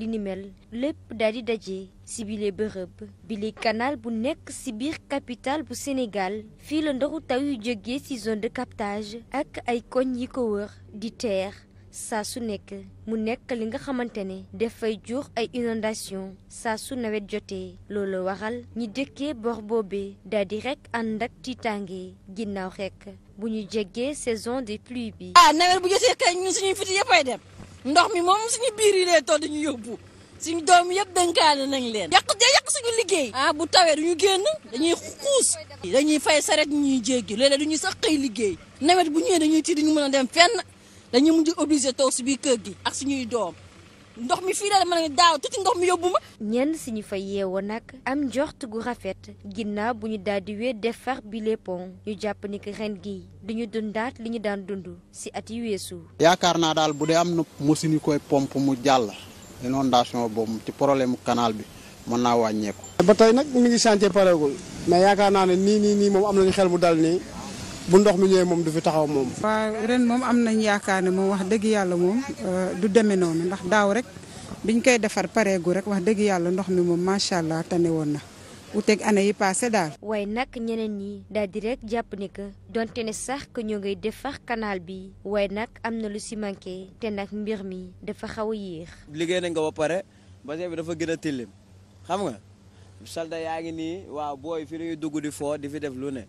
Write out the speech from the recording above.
li ni mel lépp daal di daje si bile bërëb bile canal bu nekk si biir capitale bu Sénégal fii la ndoxu taw yu jógee ci zone de captage ak ay koñ yi ko wër di teer saa su nekk mu nekk li nga xamante ne dafay jur ay inondation saa su nawet jotee loolu waral ñi dëkkee bor boobee daal di rek ànd ak tiitaange ginnaaw rek bu ñu jéggee saison de pluies bi. ah nawet bu jotee kay ñun suñuy fiti yëppay dem. ndox mi moom suñu biir yi lay toll ñu yóbbu suñu doom yëpp dénkaane nañ leen. yàq de yàq suñu liggéey. ah bu tawee duñu génn dañuy xuus. dañuy fay saret ñuy jéggi léeg-léeg duñuy sax xëy liggéey nawet bu ñëwee dañuy tiit duñu mën a dem fenn dañuy mujj obligé toog si biir kër gi ak suñuy doom. ndox mi fii la mën a daaw tuuti ndox mi yóbbu ma. ñenn si ñu fa yeewoo nag am njort gu rafet ginnaaw bu ñu daal di wee defar bi les ponts ñu jàpp ni que ren gii duñu dundaat li ñu daan dund si at yi weesu. yaakaar naa daal bu dee am na machine yu koy pompe mu jàll inondation boobu ci problème kanaal bi mën naa wàññeeku. ba tey nag mi ngi chantier pareegul mais yaakaar naa ne nii nii moom am nañu xel mu dal nii. bu ndox mi ñëwee moom du fi taxaw moom. waaw ren moom am nañ yaakaar ne moom wax dëgg yàlla moom euh, du demee noonu ndax daaw rek biñ koy defar pareegu rek wax dëgg yàlla ndox mi moom macha allah tane woon na uteeg année yi passé daal. waaye nag ñeneen ñi daal di jàpp ni que donte ne sax que ñoo ngay defar canal bi waaye nag am na lu si manqué te nag mbir mi dafa xaw yéex. liggéey nañ ko ba pare bassin bi dafa gën a tilim xam nga. salda yaa ngi nii waaw booy fi lañuy dugg di foo di fi def lu ne